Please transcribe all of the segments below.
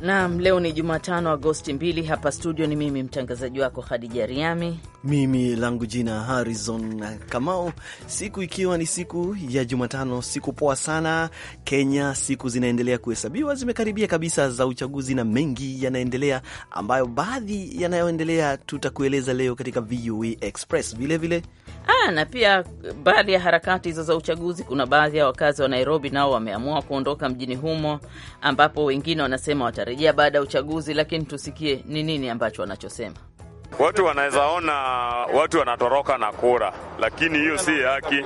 Naam, leo ni Jumatano, Agosti 2. Hapa studio ni mimi mtangazaji wako Khadija Riami, mimi langu jina Harrison Kamau, siku ikiwa ni siku ya Jumatano, siku poa sana Kenya. Siku zinaendelea kuhesabiwa, zimekaribia kabisa za uchaguzi na mengi yanaendelea, ambayo baadhi yanayoendelea tutakueleza leo katika VOA e Express vilevile vile. Ah, na pia baadhi ya harakati hizo za uchaguzi, kuna baadhi ya wakazi wa Nairobi nao wameamua kuondoka mjini humo, ambapo wengine wanasema wata wanarejea baada ya uchaguzi, lakini tusikie ni nini ambacho wanachosema. Watu wanaweza ona watu wanatoroka na kura, lakini hiyo si haki.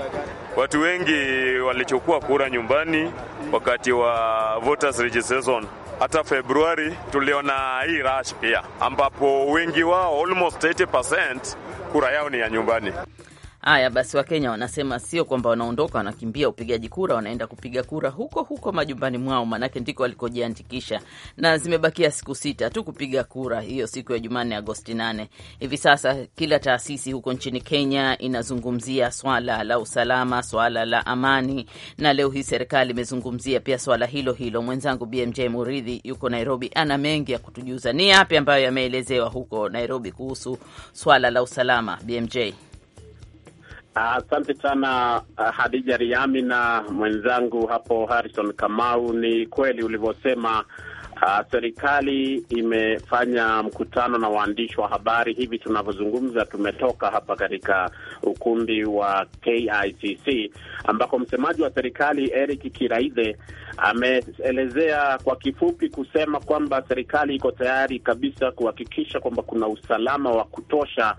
Watu wengi walichukua kura nyumbani wakati wa voters registration. Hata Februari tuliona hii rush pia, ambapo wengi wao almost 80% kura yao ni ya nyumbani. Haya basi, Wakenya wanasema sio kwamba wanaondoka wanakimbia upigaji kura, wanaenda kupiga kura huko huko majumbani mwao, maanake ndiko walikojiandikisha, na zimebakia siku sita tu kupiga kura hiyo siku ya Jumanne, Agosti nane. Hivi sasa kila taasisi huko nchini Kenya inazungumzia swala la usalama, swala la amani, na leo hii serikali imezungumzia pia swala hilo hilo. Mwenzangu BMJ Muridhi yuko Nairobi, ana mengi ya kutujuza. Ni yapi ambayo yameelezewa huko Nairobi kuhusu swala la usalama, BMJ? Asante sana uh, Hadija Riami na mwenzangu hapo Harrison Kamau. Ni kweli ulivyosema. Uh, serikali imefanya mkutano na waandishi wa habari hivi tunavyozungumza. Tumetoka hapa katika ukumbi wa KICC ambako msemaji wa serikali Eric Kiraithe ameelezea kwa kifupi kusema kwamba serikali iko tayari kabisa kuhakikisha kwamba kuna usalama wa kutosha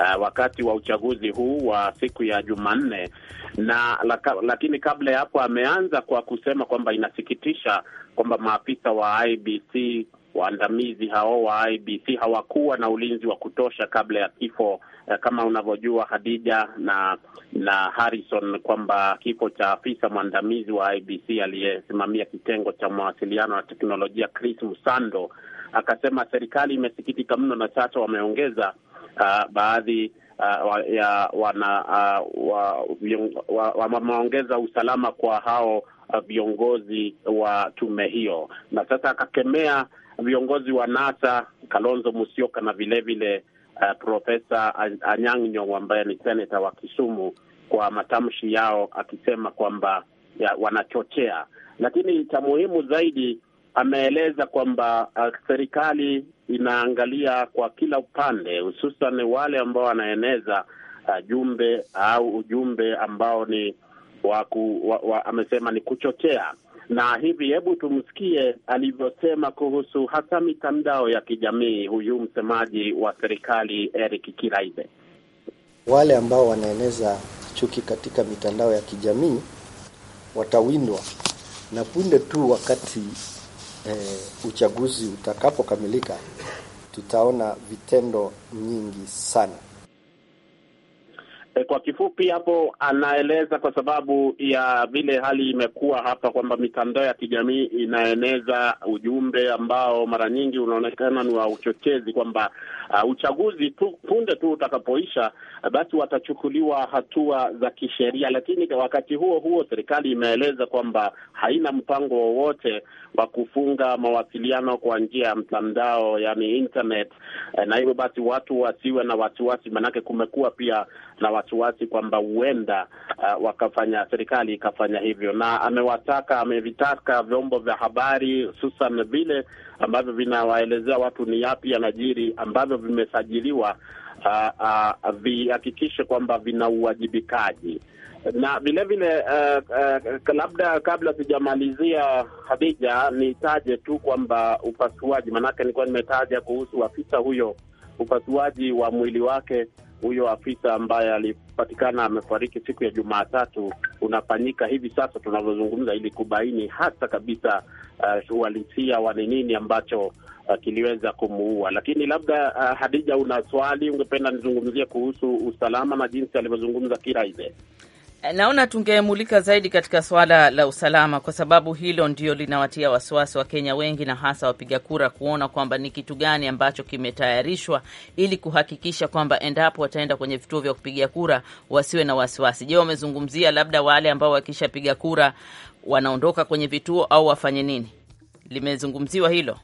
uh, wakati wa uchaguzi huu wa siku ya Jumanne na laka, lakini kabla ya hapo ameanza kwa kusema kwamba inasikitisha kwamba maafisa wa IBC waandamizi hao wa IBC hawakuwa na ulinzi wa kutosha kabla ya kifo eh, kama unavyojua Hadija na na Harrison kwamba kifo cha afisa mwandamizi wa IBC aliyesimamia kitengo cha mawasiliano na teknolojia Chris Musando akasema serikali imesikitika mno, na sasa wameongeza uh, baadhi uh, ya wana uh, wa, wameongeza wa, wa usalama kwa hao uh, viongozi wa tume hiyo, na sasa akakemea viongozi wa NASA Kalonzo Musyoka na vilevile uh, Profesa Anyang' Nyong'o ambaye ni seneta wa Kisumu kwa matamshi yao, akisema kwamba ya, wanachochea. Lakini cha muhimu zaidi ameeleza kwamba uh, serikali inaangalia kwa kila upande, hususan wale ambao wanaeneza uh, jumbe au uh, ujumbe ambao ni waku, wa, wa, amesema ni kuchochea na hivi, hebu tumsikie alivyosema kuhusu hasa mitandao ya kijamii, huyu msemaji wa serikali Eric Kiraibe. Wale ambao wanaeneza chuki katika mitandao ya kijamii watawindwa, na punde tu wakati e, uchaguzi utakapokamilika tutaona vitendo nyingi sana. Eh, kwa kifupi hapo anaeleza kwa sababu ya vile hali imekuwa hapa kwamba mitandao ya kijamii inaeneza ujumbe ambao mara nyingi unaonekana ni wa uchochezi, kwamba uh, uchaguzi tu punde tu utakapoisha, uh, basi watachukuliwa hatua za kisheria. Lakini wakati huo huo serikali imeeleza kwamba haina mpango wowote wa kufunga mawasiliano kwa njia ya mtandao, yani internet, eh, na hivyo basi watu wasiwe na wasiwasi, manake kumekuwa pia na wasiwasi kwamba huenda uh, wakafanya serikali ikafanya hivyo, na amewataka amevitaka vyombo vya habari hususan vile ambavyo vinawaelezea watu ni yapi yanajiri ambavyo vimesajiliwa uh, uh, vihakikishe kwamba vina uwajibikaji na vilevile uh, uh, labda kabla sijamalizia, Hadija, nitaje tu kwamba upasuaji, maanake nilikuwa nimetaja kuhusu afisa huyo, upasuaji wa mwili wake huyo afisa ambaye alipatikana amefariki siku ya Jumatatu unafanyika hivi sasa tunavyozungumza, ili kubaini hasa kabisa uh, uhalisia wa ni nini ambacho uh, kiliweza kumuua. Lakini labda uh, Hadija, una swali ungependa nizungumzie kuhusu usalama na jinsi alivyozungumza Kiraize? Naona tungemulika zaidi katika swala la usalama, kwa sababu hilo ndio linawatia wasiwasi Wakenya wengi na hasa wapiga kura, kuona kwamba ni kitu gani ambacho kimetayarishwa ili kuhakikisha kwamba endapo wataenda kwenye vituo vya kupiga kura wasiwe na wasiwasi. Je, wamezungumzia labda wale ambao wakishapiga kura wanaondoka kwenye vituo au wafanye nini? Limezungumziwa hilo?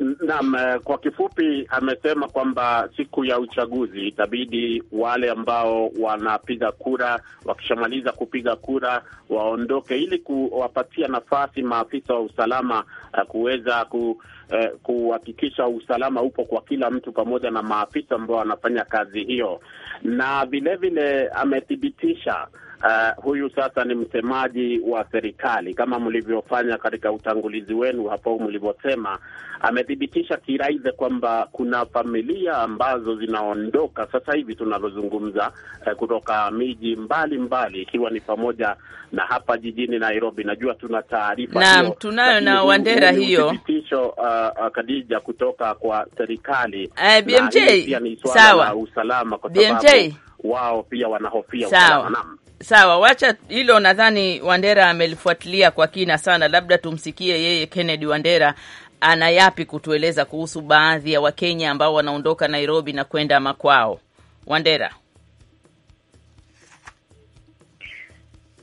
Naam, eh, kwa kifupi amesema kwamba siku ya uchaguzi itabidi wale ambao wanapiga kura wakishamaliza kupiga kura waondoke, ili kuwapatia nafasi maafisa wa usalama uh, kuweza ku, eh, kuhakikisha usalama upo kwa kila mtu, pamoja na maafisa ambao wanafanya kazi hiyo, na vilevile amethibitisha Uh, huyu sasa ni msemaji wa serikali kama mlivyofanya katika utangulizi wenu hapo mlivyosema, amethibitisha kiraidhe kwamba kuna familia ambazo zinaondoka sasa hivi tunavyozungumza, uh, eh, kutoka miji mbali mbali, ikiwa ni pamoja na hapa jijini Nairobi. Najua tuna taarifa naam, tunayo na Wandera hiyo thibitisho, uh, uh Kadija, kutoka kwa serikali uh, eh, BMJ, na, sawa, usalama kwa BMJ, sababu wao pia wanahofia usalama. Sawa, wacha hilo. Nadhani Wandera amelifuatilia kwa kina sana, labda tumsikie yeye Kennedy Wandera ana yapi kutueleza kuhusu baadhi ya Wakenya ambao wanaondoka Nairobi na kwenda makwao. Wandera.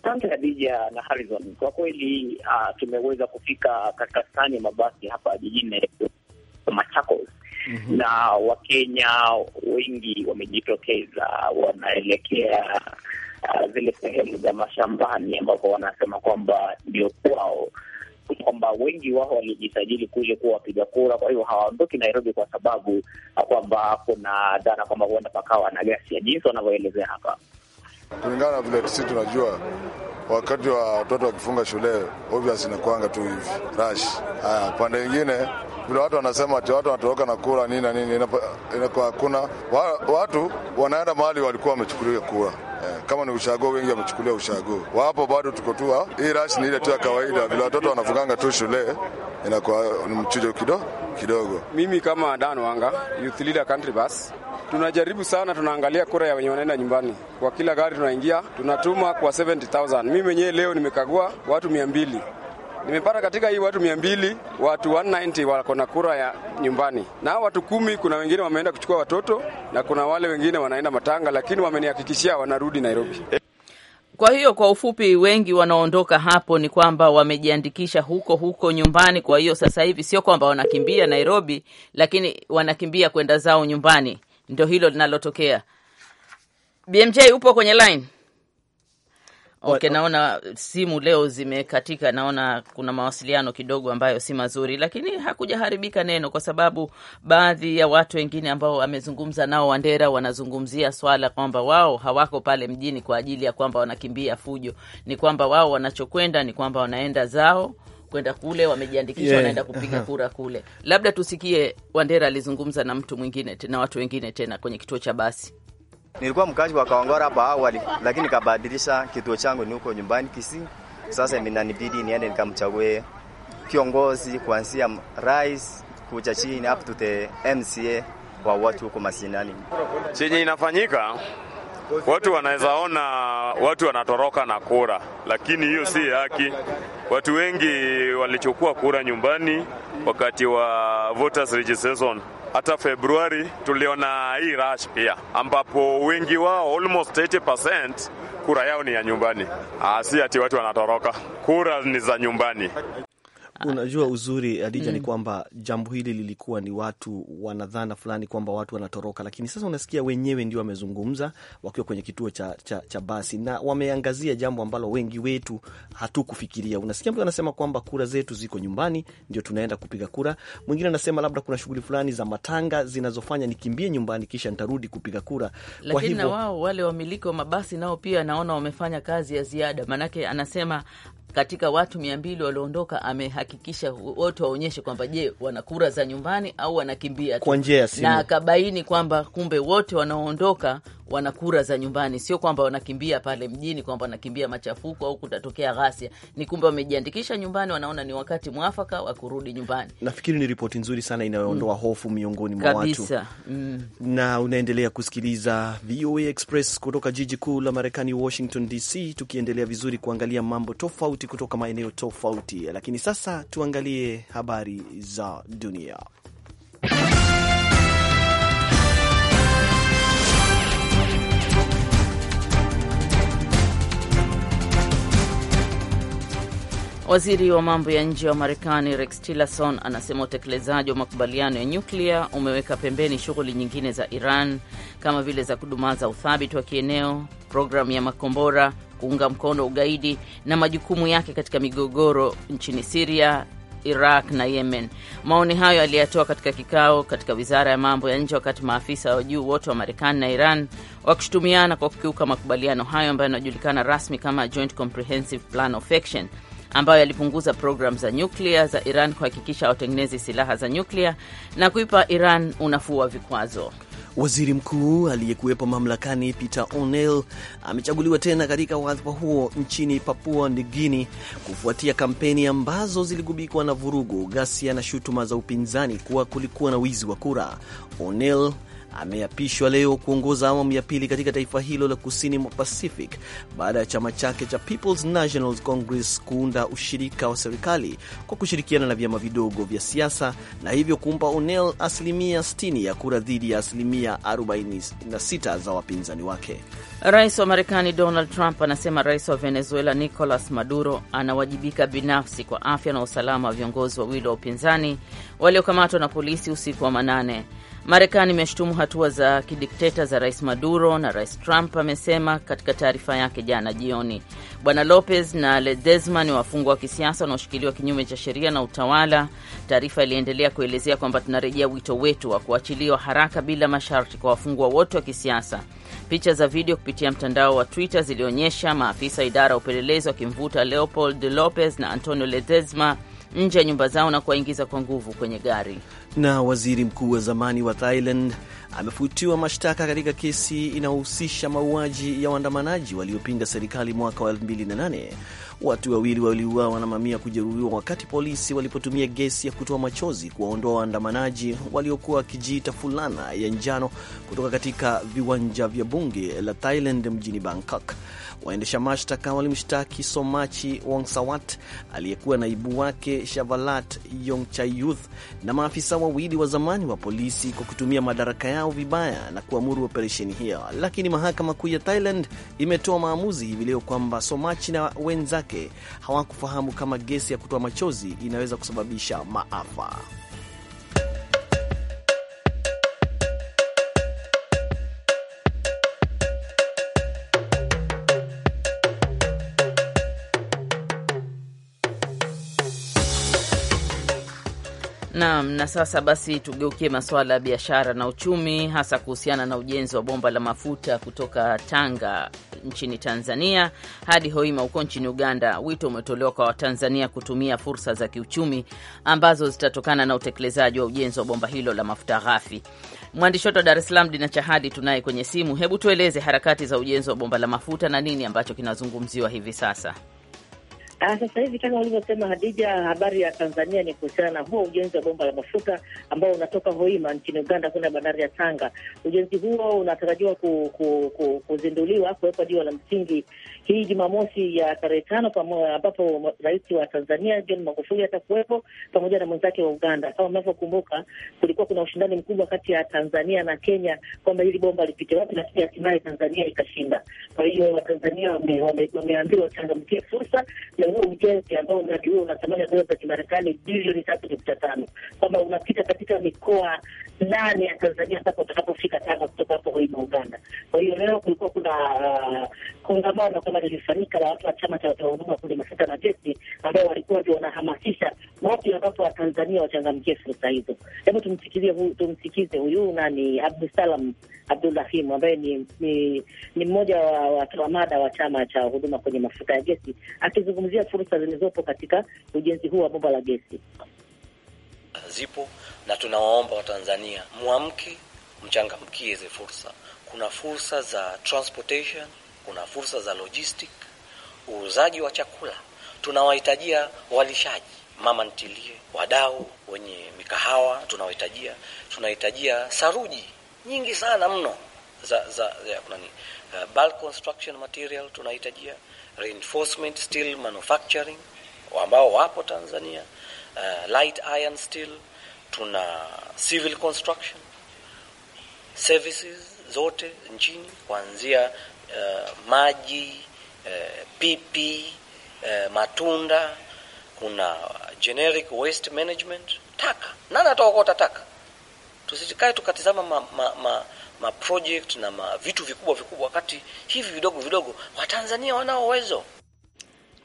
Asante adija na Harizon. kwa kweli uh, tumeweza kufika katika stani ya mabasi hapa jijini Nairobi, Machakos. mm -hmm. na Wakenya wengi wamejitokeza, wanaelekea uh, zile sehemu za mashambani ambapo wanasema kwamba ndio kwao, kwamba wengi wao walijisajili kuja kuwa wapiga kura, kwa hiyo hawaondoki Nairobi kwa sababu kwamba kuna dhana kwamba huenda pakawa na ghasia, jinsi wanavyoelezea hapa. Kulingana na vile sisi tunajua, wakati wa watoto wakifunga shule, obvious inakuanga tu hivi rush. Haya, pande nyingine vile watu wanasema ati watu wanatoroka na kura nini na nini, inakuwa hakuna watu wanaenda mahali walikuwa wamechukulia kura Eh, kama ni ushago, wengi wamechukulia ushago, wapo bado tuko tu. Ah, hii rush ni ile tu ya kawaida, vile watoto wanafunganga tu shule, inakuwa ni mchujo kidogo kidogo. Mimi kama Dan Wanga, youth leader country bus tunajaribu sana, tunaangalia kura ya wenye wanaenda nyumbani. Kwa kila gari tunaingia tunatuma kwa 70000 mimi mwenyewe leo nimekagua watu 200 Nimepata katika hii watu mia mbili watu 190 wako na kura ya nyumbani, na hao watu kumi, kuna wengine wameenda kuchukua watoto na kuna wale wengine wanaenda matanga, lakini wamenihakikishia wanarudi Nairobi. Kwa hiyo kwa ufupi, wengi wanaondoka hapo ni kwamba wamejiandikisha huko huko nyumbani. Kwa hiyo sasa hivi sio kwamba wanakimbia Nairobi, lakini wanakimbia kwenda zao nyumbani. Ndio hilo linalotokea. BMJ, upo kwenye line? Okay, naona simu leo zimekatika. Naona kuna mawasiliano kidogo ambayo si mazuri, lakini hakujaharibika neno, kwa sababu baadhi ya watu wengine ambao wamezungumza nao Wandera wanazungumzia swala kwamba wao hawako pale mjini kwa ajili ya kwamba wanakimbia fujo, ni kwamba wao wanachokwenda ni kwamba wanaenda zao kwenda kule wamejiandikisha, yeah. Wanaenda kupiga uh-huh. kura kule. Labda tusikie Wandera alizungumza na mtu mwingine na watu wengine tena kwenye kituo cha basi. Nilikuwa mkazi wa Kaongora hapa awali, lakini nikabadilisha kituo changu, ni huko nyumbani Kisii. Sasa imenanibidi niende nikamchague kiongozi kuanzia rais kuja chini up to the MCA wa watu huko masinani. Chenye inafanyika watu wanaweza ona watu wanatoroka na kura, lakini hiyo si haki. Watu wengi walichukua kura nyumbani wakati wa voters registration hata Februari tuliona hii rush pia, ambapo wengi wao almost 80% kura yao ni ya nyumbani, ah, si ati watu wanatoroka. Kura ni za nyumbani. Unajua uzuri Adija, mm. ni kwamba jambo hili lilikuwa ni watu wanadhana fulani kwamba watu wanatoroka, lakini sasa unasikia wenyewe ndio wamezungumza wakiwa kwenye kituo cha, cha, cha basi na wameangazia jambo ambalo wengi wetu hatukufikiria. Unasikia mtu anasema kwamba kura zetu ziko nyumbani, ndio tunaenda kupiga kura. Mwingine anasema labda kuna shughuli fulani za matanga zinazofanya nikimbie nyumbani kisha ntarudi kupiga kura. Lakini na wao wale wamiliki wa mabasi nao pia naona wamefanya kazi ya ziada, maanake anasema katika watu mia mbili walioondoka ameha akahakikisha wote waonyeshe kwamba je, wana kura za nyumbani au wanakimbia tu, kwa njia ya simu, na akabaini kwamba kumbe wote wanaoondoka wana kura za nyumbani, sio kwamba wanakimbia pale mjini, kwamba wanakimbia machafuko au kutatokea ghasia. Ni kumbe wamejiandikisha nyumbani, wanaona ni wakati mwafaka wa kurudi nyumbani. Nafikiri ni ripoti nzuri sana inayoondoa mm. hofu miongoni mwa watu mm. na unaendelea kusikiliza VOA Express kutoka jiji kuu la Marekani, Washington DC, tukiendelea vizuri kuangalia mambo tofauti kutoka maeneo tofauti, lakini sasa tuangalie habari za dunia. Waziri wa mambo ya nje wa Marekani Rex Tillerson anasema utekelezaji wa makubaliano ya nyuklia umeweka pembeni shughuli nyingine za Iran kama vile za kudumaza uthabiti wa kieneo, programu ya makombora, kuunga mkono ugaidi na majukumu yake katika migogoro nchini Siria, Iraq na Yemen. Maoni hayo aliyatoa katika kikao katika wizara ya mambo ya nje wakati maafisa wa juu wote wa Marekani na Iran wakishutumiana kwa kukiuka makubaliano hayo ambayo yanajulikana rasmi kama Joint Comprehensive Plan of Action ambayo yalipunguza programu za nyuklia za Iran kuhakikisha hawatengenezi silaha za nyuklia na kuipa Iran unafuu wa vikwazo. Waziri mkuu aliyekuwepo mamlakani Peter O'Neill amechaguliwa tena katika wadhifa huo nchini Papua nigini kufuatia kampeni ambazo ziligubikwa na vurugu, ghasia na shutuma za upinzani kuwa kulikuwa na wizi wa kura. O'Neill ameapishwa leo kuongoza awamu ya pili katika taifa hilo la kusini mwa Pacific baada ya chama chake cha People's National Congress kuunda ushirika wa serikali kwa kushirikiana na vyama vidogo vya siasa na hivyo kumpa O'Neill asilimia 60 ya kura dhidi ya asilimia 46 za wapinzani wake. Rais wa Marekani Donald Trump anasema rais wa Venezuela Nicolas Maduro anawajibika binafsi kwa afya na usalama wa viongozi wawili wa upinzani waliokamatwa na polisi usiku wa manane. Marekani imeshutumu hatua za kidikteta za Rais Maduro na Rais Trump amesema katika taarifa yake jana jioni. Bwana Lopez na Ledesma ni wafungwa wa kisiasa wanaoshikiliwa kinyume cha sheria na utawala. Taarifa iliendelea kuelezea kwamba tunarejea wito wetu wa kuachiliwa haraka bila masharti kwa wafungwa wote wa kisiasa. Picha za video kupitia mtandao wa Twitter zilionyesha maafisa idara ya upelelezi wakimvuta Leopold Lopez na Antonio Ledesma nje ya nyumba zao na kuwaingiza kwa nguvu kwenye gari. Na waziri mkuu wa zamani wa Thailand amefutiwa mashtaka katika kesi inayohusisha mauaji ya waandamanaji waliopinga serikali mwaka wa 2008. Watu wawili waliuawa na mamia kujeruhiwa wakati polisi walipotumia gesi ya kutoa machozi kuwaondoa waandamanaji waliokuwa wakijiita fulana ya njano kutoka katika viwanja vya bunge la Thailand mjini Bangkok. Waendesha mashtaka walimshtaki Somachi Wongsawat, aliyekuwa naibu wake Shavalat Yongchayuth na maafisa wa wawili wa zamani wa polisi kwa kutumia madaraka yao vibaya na kuamuru operesheni hiyo, lakini mahakama kuu ya Thailand imetoa maamuzi hivi leo kwamba Somachi na wenzake hawakufahamu kama gesi ya kutoa machozi inaweza kusababisha maafa. Naam, na sasa basi tugeukie masuala ya biashara na uchumi, hasa kuhusiana na ujenzi wa bomba la mafuta kutoka Tanga nchini Tanzania hadi Hoima huko nchini Uganda. Wito umetolewa kwa Watanzania kutumia fursa za kiuchumi ambazo zitatokana na utekelezaji wa ujenzi wa bomba hilo la mafuta ghafi. Mwandishi wetu wa Dar es Salaam, Dina Chahadi, tunaye kwenye simu. Hebu tueleze harakati za ujenzi wa bomba la mafuta na nini ambacho kinazungumziwa hivi sasa. Ah, sasa hivi kama ulivyosema Hadija, habari ya Tanzania ni kuhusiana na huo ujenzi wa bomba la mafuta ambao unatoka Hoima nchini Uganda kwenda bandari ya Tanga. Ujenzi huo unatarajiwa ku, ku, ku, kuzinduliwa kuwekwa jiwe la msingi hii Jumamosi ya tarehe tano ambapo rais wa Tanzania John Magufuli atakuwepo pamoja na mwenzake wa Uganda. Kama mnavyokumbuka, kulikuwa kuna ushindani mkubwa kati ya Tanzania na Kenya kwamba hili bomba lipite wapi, lakini hatimaye Tanzania ikashinda. Kwa hiyo Watanzania wameambiwa wachangamkie fursa ya huo ujenzi ambao mradi huo una thamani dola za Kimarekani bilioni tatu nukta tano kwamba unapita katika mikoa nane ya Tanzania mpaka utakapofika Tanga kutoka hapo Hoima, Uganda. Kwa hiyo leo kulikuwa kuna uh, kongamano ambalo lilifanyika la watu wa chama cha watoa huduma kule mafuta na gesi, ambao walikuwa ndio wanahamasisha wapi ambapo Watanzania wachangamkie fursa hizo. Hebu tumsikizie hu, tumsikize huyu nani Abdusalam abdurahimu ambaye ni, ni, ni mmoja wa watoa mada wa chama cha huduma kwenye mafuta ya gesi akizungumzia fursa zilizopo katika ujenzi huu wa bomba la gesi. Zipo na tunawaomba Watanzania muamke, mchangamkie hizi fursa. Kuna fursa za transportation kuna fursa za logistic, uuzaji wa chakula. Tunawahitajia walishaji, mama ntilie, wadau wenye mikahawa tunawahitajia. Tunahitajia saruji nyingi sana mno za za ya, kuna ni, uh, bulk construction material tunahitajia, reinforcement steel manufacturing ambao wapo Tanzania, uh, light iron steel, tuna civil construction services zote nchini kuanzia uh, maji uh, pipi uh, matunda. Kuna generic waste management taka. Nani ataokota taka? tusitikae tukatizama ma, ma, ma, ma project na ma vitu vikubwa vikubwa, wakati hivi vidogo vidogo Watanzania wanao uwezo.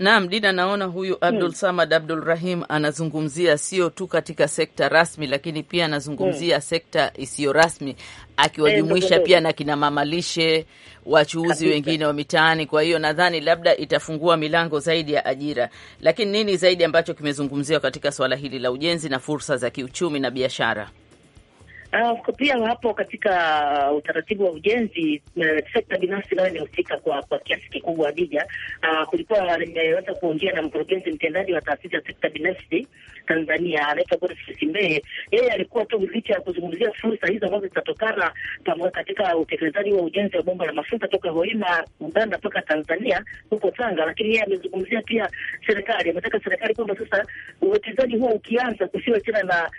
Naam, Dina, naona huyu Abdul hmm. Samad Abdul Rahim anazungumzia sio tu katika sekta rasmi, lakini pia anazungumzia hmm, sekta isiyo rasmi akiwajumuisha pia na kina mamalishe wachuuzi wengine wa mitaani. Kwa hiyo nadhani labda itafungua milango zaidi ya ajira. Lakini nini zaidi ambacho kimezungumziwa katika swala hili la ujenzi na fursa za kiuchumi na biashara? Uh, pia hapo katika utaratibu wa ujenzi uh, sekta binafsi nayo inahusika kwa kwa kiasi kikubwa. Hadija, uh, ah, kulikuwa nimeweza kuongea na mkurugenzi mtendaji wa taasisi ya sekta binafsi Tanzania anaitwa Boris Simbe, yeye alikuwa tu licha ya kuzungumzia fursa hizo ambazo zitatokana pamoja katika utekelezaji wa ujenzi wa bomba la mafuta toka Hoima Uganda mpaka Tanzania huko Tanga, lakini yeye amezungumzia pia serikali, ametaka serikali kwamba sasa uwekezaji huo ukianza kusiwe tena na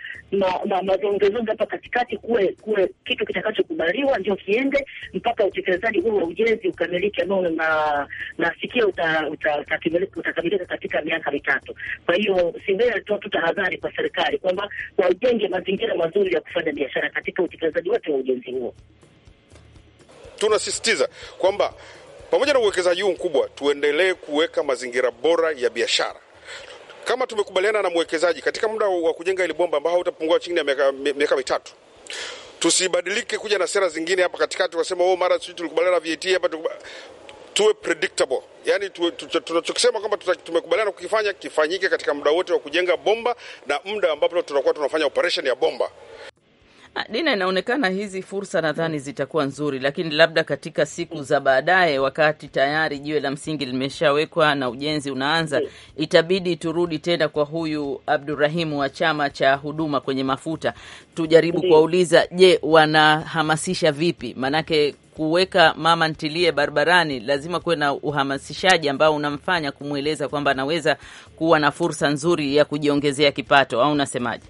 na mazongezonge hapa katikati, kuwe kuwe kitu kitakachokubaliwa ndio kiende mpaka utekelezaji huo wa ujenzi ukamilike, ambao na nasikia utakamilika katika miaka mitatu. Kwa hiyo Simbe alitoa tahadhari kwa serikali kwamba waujenge mazingira mazuri ya kufanya biashara katika utekelezaji wote wa ujenzi huo. Tunasisitiza kwamba pamoja na uwekezaji huu mkubwa, tuendelee kuweka mazingira bora ya biashara kama tumekubaliana na mwekezaji katika muda wa kujenga ile bomba ambao hautapungua chini ya miaka mitatu. Tusibadilike kuja na sera zingine hapa katikati, wasema oh, mara sisi tulikubaliana VAT hapa tuwe predictable, yani tunachokisema kwamba tumekubaliana kukifanya kifanyike katika muda wote wa kujenga bomba na muda ambapo tunakuwa tunafanya operation ya bomba. Ah, Dina, inaonekana hizi fursa nadhani zitakuwa nzuri, lakini labda katika siku za baadaye, wakati tayari jiwe la msingi limeshawekwa na ujenzi unaanza, itabidi turudi tena kwa huyu Abdurahimu wa chama cha huduma kwenye mafuta, tujaribu kuwauliza, je, wanahamasisha vipi? Maanake kuweka mama ntilie barabarani, lazima kuwe na uhamasishaji ambao unamfanya kumweleza kwamba anaweza kuwa na fursa nzuri ya kujiongezea kipato, au unasemaje?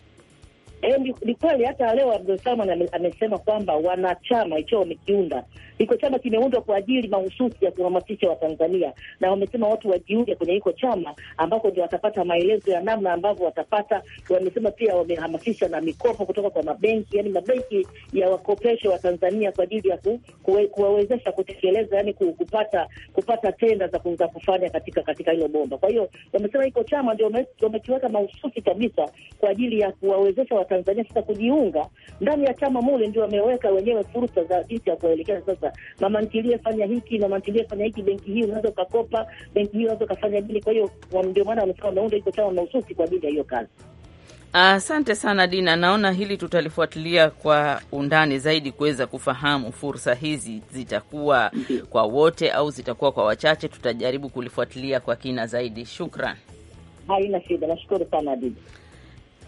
Eh, ni kweli hata leo Abdul Saman amesema kwamba wanachama hicho wamekiunda iko chama kimeundwa kwa ajili mahususi ya kuhamasisha Watanzania, na wamesema watu wajiunge kwenye hiko chama ambako ndio watapata maelezo ya namna ambavyo watapata. Wamesema pia wamehamasisha na mikopo kutoka kwa mabenki, yani mabenki ya wakopesho wa Tanzania kwa ajili ya kuwawezesha kutekeleza, yani kupata kupata tenda za kuza kufanya katika katika hilo bomba. Kwa hiyo wamesema hiko chama ndio wamekiweka mahususi kabisa kwa ajili ya kuwawezesha Tanzania sasa kujiunga ndani ya chama mule, ndio wameweka wenyewe fursa za jinsi ya kuelekeza sasa, mama ntilie fanya hiki, mama ntilie fanya hiki, benki hii unaweza ukakopa, benki hii unaweza ukafanya dili. Kwa hiyo ndio maana wamesema wameunda iko chama mahususi kwa ajili ya hiyo kazi. Asante sana Dina. Naona hili tutalifuatilia kwa undani zaidi kuweza kufahamu fursa hizi zitakuwa kwa wote au zitakuwa kwa wachache. Tutajaribu kulifuatilia kwa kina zaidi. Shukran, haina shida. Nashukuru sana Dina.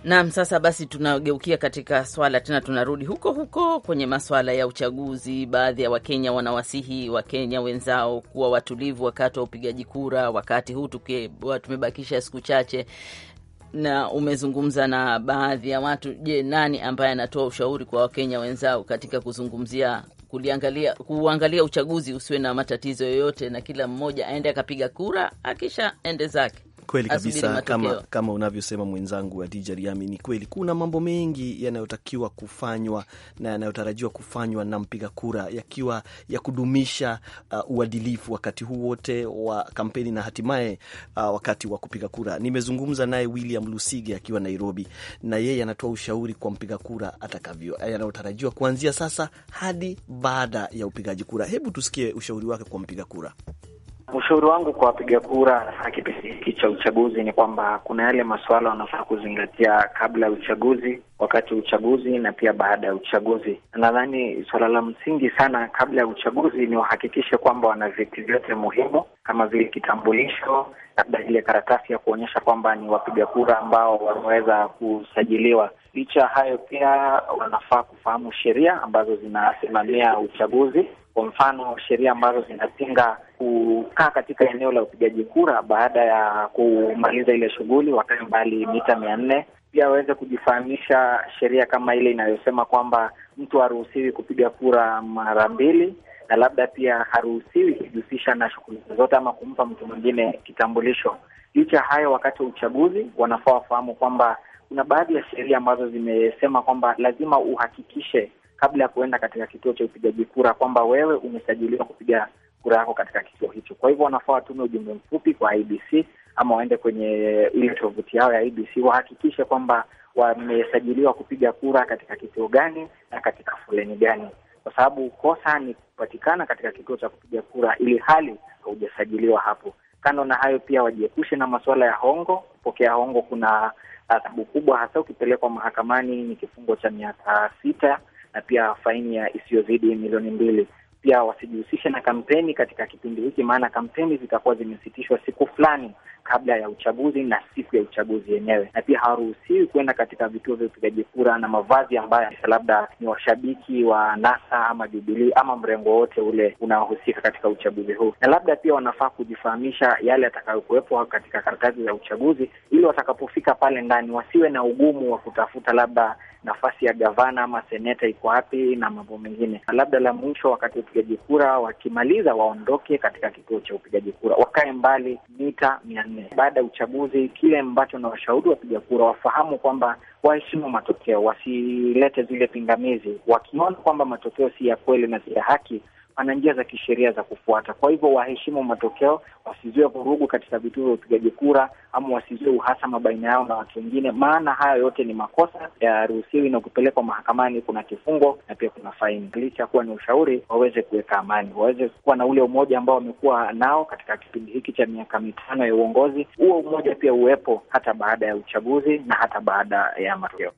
Naam, sasa basi tunageukia katika swala tena, tunarudi huko huko kwenye maswala ya uchaguzi. Baadhi ya Wakenya wanawasihi Wakenya wenzao kuwa watulivu wakati wa upigaji kura, wakati huu tukiwa tumebakisha siku chache na umezungumza na baadhi ya watu. Je, nani ambaye anatoa ushauri kwa Wakenya wenzao katika kuzungumzia kuliangalia kuangalia uchaguzi usiwe na matatizo yoyote, na kila mmoja aende akapiga kura akisha ende zake? kweli kabisa, kama, kama unavyosema mwenzangu Adija Riami, ni kweli kuna mambo mengi yanayotakiwa kufanywa na yanayotarajiwa kufanywa na mpiga kura yakiwa ya kudumisha uh, uadilifu wakati huu wote wa kampeni na hatimaye uh, wakati wa kupiga kura. Nimezungumza naye William Lusige akiwa Nairobi, na yeye anatoa ushauri kwa mpiga kura atakavyo eh, yanayotarajiwa kuanzia sasa hadi baada ya upigaji kura. Hebu tusikie ushauri wake kwa mpiga kura. Ushauri wangu kwa wapiga kura, hasa kipindi hiki cha uchaguzi, ni kwamba kuna yale masuala wanafaa kuzingatia kabla ya uchaguzi, wakati wa uchaguzi na pia baada ya uchaguzi. Nadhani suala la msingi sana kabla ya uchaguzi ni wahakikishe kwamba wana vyeti vyote muhimu kama vile kitambulisho, labda ile karatasi ya kuonyesha kwamba ni wapiga kura ambao wameweza kusajiliwa. Licha ya hayo, pia wanafaa kufahamu sheria ambazo zinasimamia uchaguzi, kwa mfano sheria ambazo zinapinga kukaa katika eneo la upigaji kura baada ya kumaliza ile shughuli, wakae mbali mita mia nne pia waweze kujifahamisha sheria kama ile inayosema kwamba mtu haruhusiwi kupiga kura mara mbili, na labda pia haruhusiwi kujihusisha na shughuli zozote ama kumpa mtu mwingine kitambulisho. Licha ya hayo, wakati wa uchaguzi wanafaa wafahamu kwamba kuna baadhi ya sheria ambazo zimesema kwamba lazima uhakikishe kabla ya kuenda katika kituo cha upigaji kura kwamba wewe umesajiliwa kupiga kura yako katika kituo hicho. Kwa hivyo wanafaa watume ujumbe mfupi kwa IBC ama waende kwenye ile tovuti yao ya IBC wahakikishe kwamba wamesajiliwa kupiga kura katika kituo gani na katika foleni gani, kwa sababu kosa ni kupatikana katika kituo cha kupiga kura ili hali haujasajiliwa hapo. Kando na hayo, pia wajiepushe na masuala ya hongo. Kupokea hongo kuna adhabu kubwa, hasa ukipelekwa mahakamani, ni kifungo cha miaka sita na pia faini ya isiyozidi milioni mbili pia wasijihusishe na kampeni katika kipindi hiki, maana kampeni zitakuwa zimesitishwa siku fulani kabla ya uchaguzi na siku ya uchaguzi yenyewe, na pia hawaruhusiwi kuenda katika vituo vya upigaji kura na mavazi ambayo labda ni washabiki wa NASA ama Jubilii ama mrengo wote ule unaohusika katika uchaguzi huu, na labda pia wanafaa kujifahamisha yale yatakayokuwepo katika karatasi za uchaguzi, ili watakapofika pale ndani wasiwe na ugumu wa kutafuta labda nafasi ya gavana ama seneta iko wapi na mambo mengine. Labda la mwisho, wakati wa upigaji kura wakimaliza, waondoke katika kituo cha upigaji kura, wakae mbali mita mia nne nne baada ya uchaguzi. Kile ambacho na washauri wapiga kura wafahamu kwamba waheshimu matokeo, wasilete zile pingamizi. Wakiona kwamba matokeo si ya kweli na si ya haki, ana njia za kisheria za kufuata. Kwa hivyo waheshimu matokeo, wasizue vurugu katika vituo vya upigaji kura, ama wasizue uhasama baina yao na watu wengine, maana hayo yote ni makosa yaruhusiwi, na kupelekwa mahakamani kuna kifungo na pia kuna faini. Licha ya kuwa ni ushauri, waweze kuweka amani, waweze kuwa na ule umoja ambao wamekuwa nao katika kipindi hiki cha miaka mitano ya uongozi. Huo umoja pia uwepo hata baada ya uchaguzi na hata baada ya matokeo.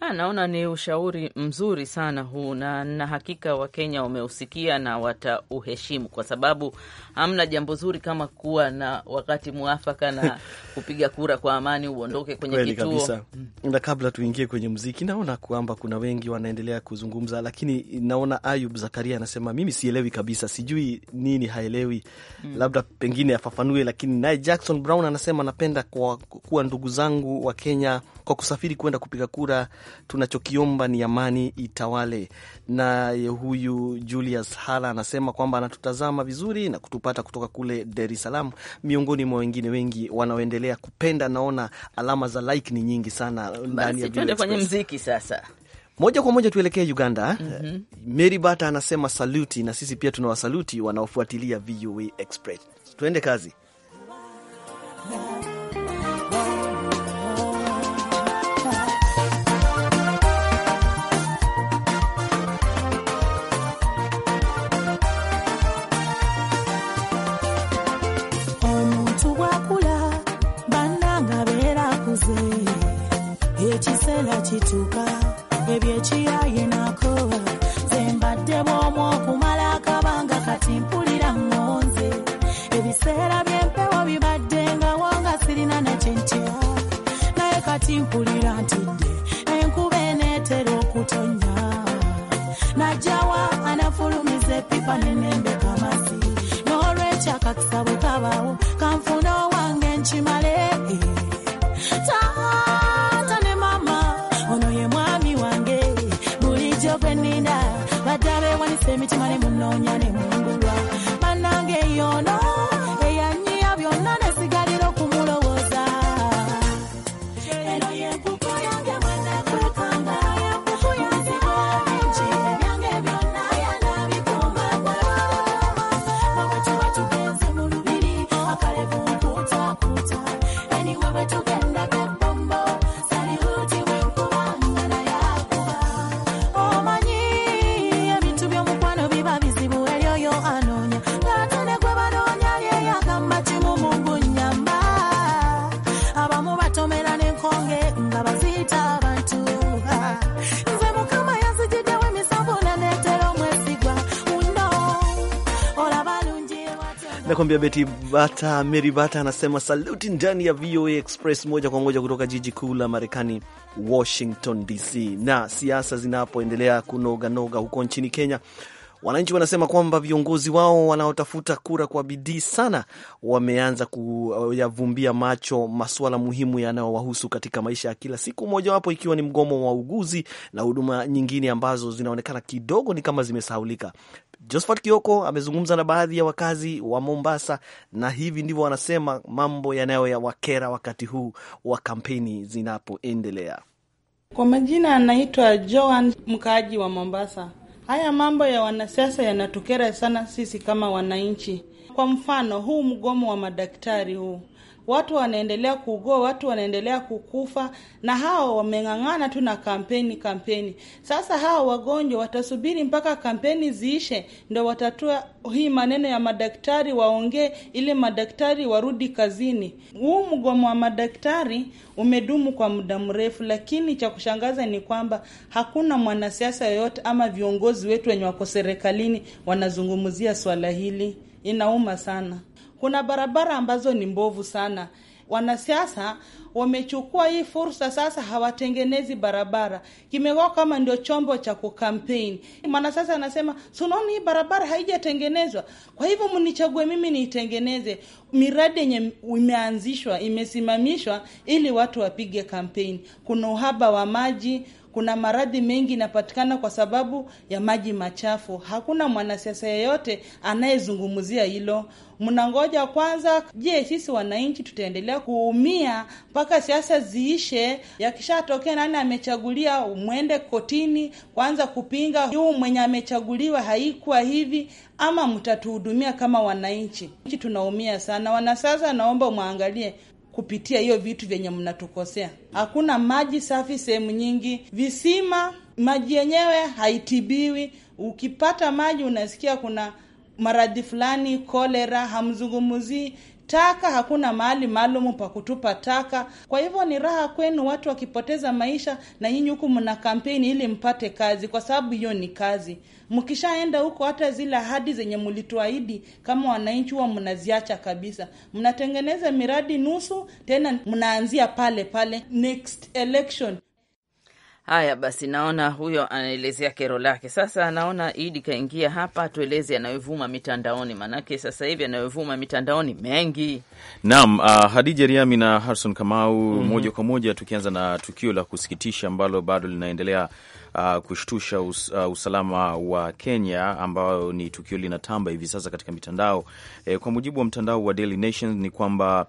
Ah, naona ni ushauri mzuri sana huu, na na hakika Wakenya wameusikia na watauheshimu, kwa sababu hamna jambo zuri kama kuwa na wakati mwafaka na kupiga kura kwa amani, uondoke kwenye kweli kituo kabisa. Mm. Na kabla tuingie kwenye muziki, naona kwamba kuna wengi wanaendelea kuzungumza, lakini naona Ayub Zakaria anasema mimi sielewi kabisa, sijui nini, haelewi hmm. Labda pengine afafanue, lakini naye Jackson Brown anasema napenda kuwa ndugu zangu wa Kenya kwa kusafiri kwenda kupiga kura. Tunachokiomba ni amani itawale. Naye huyu Julius Hala anasema kwamba anatutazama vizuri na kutupata kutoka kule Dar es Salaam, miongoni mwa wengine wengi wanaoendelea kupenda. Naona alama za like ni nyingi sana ndani ya tuende kwenye mziki sasa. Moja kwa moja tuelekee Uganda. mm -hmm. Mary Bata anasema saluti, na sisi pia tunawasaluti wanaofuatilia VOA e Express. Tuende kazi. yatuka ebyekiyaye nako zembadde bwomu okumala akabanga kati mpulira ngonze ebiseera byempewo bibadde nga wonga sirina nekintya naye kati mpulira ntidde enkuba eneetera okutonya najawa anafulumiza epipa nenemb anakuambia Beti Bata, Meri Bata anasema saluti ndani ya VOA Express, moja kwa moja kutoka jiji kuu la Marekani, Washington DC. Na siasa zinapoendelea kunoganoga huko nchini Kenya Wananchi wanasema kwamba viongozi wao wanaotafuta kura kwa bidii sana wameanza kuyavumbia macho masuala muhimu yanayowahusu katika maisha ya kila siku, mojawapo ikiwa ni mgomo wa uguzi na huduma nyingine ambazo zinaonekana kidogo ni kama zimesahaulika. Josephat Kioko amezungumza na baadhi ya wakazi wa Mombasa na hivi ndivyo wanasema mambo yanayowakera wakati huu wa kampeni zinapoendelea. Kwa majina anaitwa Joan, mkaaji wa Mombasa. Haya mambo ya wanasiasa yanatukera sana sisi kama wananchi. Kwa mfano huu mgomo wa madaktari huu watu wanaendelea kuugua, watu wanaendelea kukufa, na hao wameng'ang'ana tu na kampeni kampeni. Sasa hao wagonjwa watasubiri mpaka kampeni ziishe, ndo watatua hii maneno ya madaktari waongee, ili madaktari warudi kazini. Huu mgomo wa madaktari umedumu kwa muda mrefu, lakini cha kushangaza ni kwamba hakuna mwanasiasa yoyote ama viongozi wetu wenye wako serikalini wanazungumzia swala hili. Inauma sana. Kuna barabara ambazo ni mbovu sana. Wanasiasa wamechukua hii fursa sasa, hawatengenezi barabara, kimekuwa kama ndio chombo cha kukampein Mwanasiasa anasema si unaona hii barabara haijatengenezwa, kwa hivyo mnichague mimi niitengeneze. Miradi yenye imeanzishwa imesimamishwa ili watu wapige kampeni. Kuna uhaba wa maji kuna maradhi mengi inapatikana kwa sababu ya maji machafu. Hakuna mwanasiasa yeyote anayezungumzia hilo. Mnangoja kwanza, je, sisi wananchi tutaendelea kuumia mpaka siasa ziishe? Yakishatokea nani amechagulia, mwende kotini kwanza kupinga huu mwenye amechaguliwa, haikuwa hivi, ama mtatuhudumia kama wananchi? Nchi tunaumia sana. Wanasiasa, naomba mwangalie kupitia hiyo vitu vyenye mnatukosea. Hakuna maji safi sehemu nyingi, visima, maji yenyewe haitibiwi. Ukipata maji unasikia kuna maradhi fulani, kolera, hamzungumuzii taka, hakuna mahali maalum pa kutupa taka. Kwa hivyo ni raha kwenu watu wakipoteza maisha, na nyinyi huku mna kampeni ili mpate kazi, kwa sababu hiyo ni kazi. Mkishaenda huko, hata zile ahadi zenye mlituahidi kama wananchi huwa mnaziacha kabisa. Mnatengeneza miradi nusu, tena mnaanzia pale pale next election. Haya basi, naona huyo anaelezea kero lake. Sasa naona Idi kaingia hapa, tueleze yanayovuma mitandaoni, maanake sasa hivi yanayovuma mitandaoni mengi. Naam, uh, Hadija Riami na Harrison Kamau. mm -hmm. Moja kwa moja tukianza na tukio la kusikitisha ambalo bado linaendelea Uh, kushtusha us, uh, usalama wa Kenya ambayo ni tukio linatamba hivi sasa katika mitandao eh. Kwa mujibu wa mtandao wa Daily Nation ni kwamba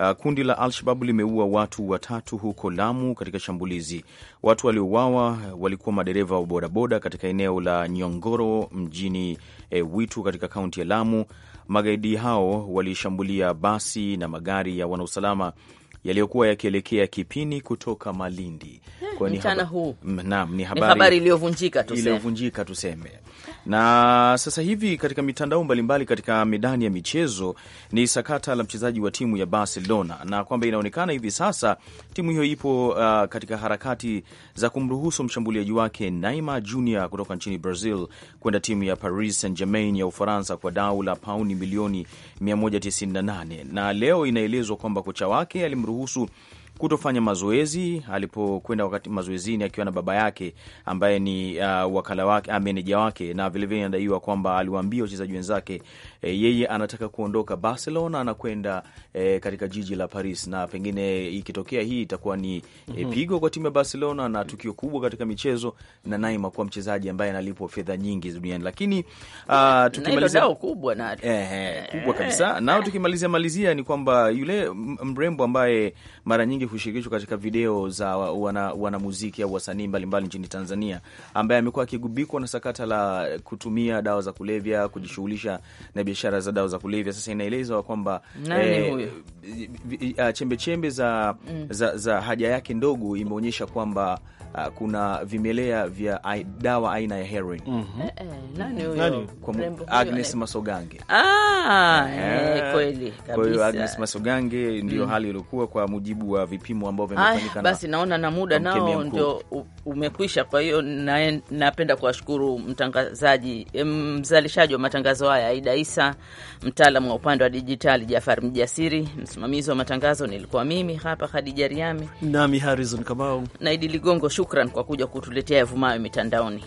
Uh, kundi la al shabab limeua watu watatu huko Lamu katika shambulizi. Watu waliouawa uh, walikuwa madereva wa bodaboda katika eneo la Nyongoro mjini e, Witu katika kaunti ya Lamu. Magaidi hao walishambulia basi na magari ya wanausalama yaliyokuwa yakielekea Kipini kutoka Malindi. Hmm, Naam, ni habari iliyovunjika tuseme. Na sasa hivi katika mitandao mbalimbali, katika medani ya michezo ni sakata la mchezaji wa timu ya Barcelona, na kwamba inaonekana hivi sasa timu hiyo ipo uh, katika harakati za kumruhusu mshambuliaji wake Neymar Jr kutoka nchini Brazil kwenda timu ya Paris Saint Germain ya Ufaransa kwa dau la pauni milioni 198, na leo inaelezwa kwamba kocha wake alimruhusu kutofanya mazoezi alipokwenda wakati mazoezini akiwa na baba yake ambaye ni uh, wakala wake, uh, meneja wake, na vilevile inadaiwa kwamba aliwaambia wachezaji wenzake e, yeye anataka kuondoka Barcelona anakwenda e, katika jiji la Paris, na pengine ikitokea hii itakuwa ni mm -hmm. e, mhm. pigo kwa timu ya Barcelona na tukio kubwa katika michezo, na Neymar kuwa mchezaji ambaye analipwa fedha nyingi duniani, lakini uh, tukimalizia kubwa na eh, kubwa kabisa nao, tukimalizia malizia ni kwamba yule mrembo ambaye mara nyingi hushirikishwa katika video za wanamuziki au wasanii mbalimbali nchini Tanzania ambaye amekuwa akigubikwa na sakata la kutumia dawa za kulevya, kujishughulisha na biashara za dawa za kulevya. Sasa inaelezwa kwamba eh, ah, chembe chembe za, mm. za, za haja yake ndogo imeonyesha kwamba uh, kuna vimelea vya ai, dawa aina ya heroin mm -hmm. eh, eh, Agnes eh. Masogange. Ah, eh, eh Kwa hiyo Agnes Masogange ndio mm. hali iliokuwa kwa mujibu wa vipimo ambao ah, vimefanyika. Basi na, naona na muda nao ndio umekwisha, kwa hiyo napenda na kuwashukuru mtangazaji eh, mzalishaji wa matangazo haya Aida Isa Kenyatta, mtaalamu wa upande wa dijitali Jafar Mjasiri, msimamizi wa matangazo nilikuwa mimi hapa Khadija Riami nami Harrison Kamau na Idi Ligongo. Shukran kwa kuja kutuletea yavumayo mitandaoni.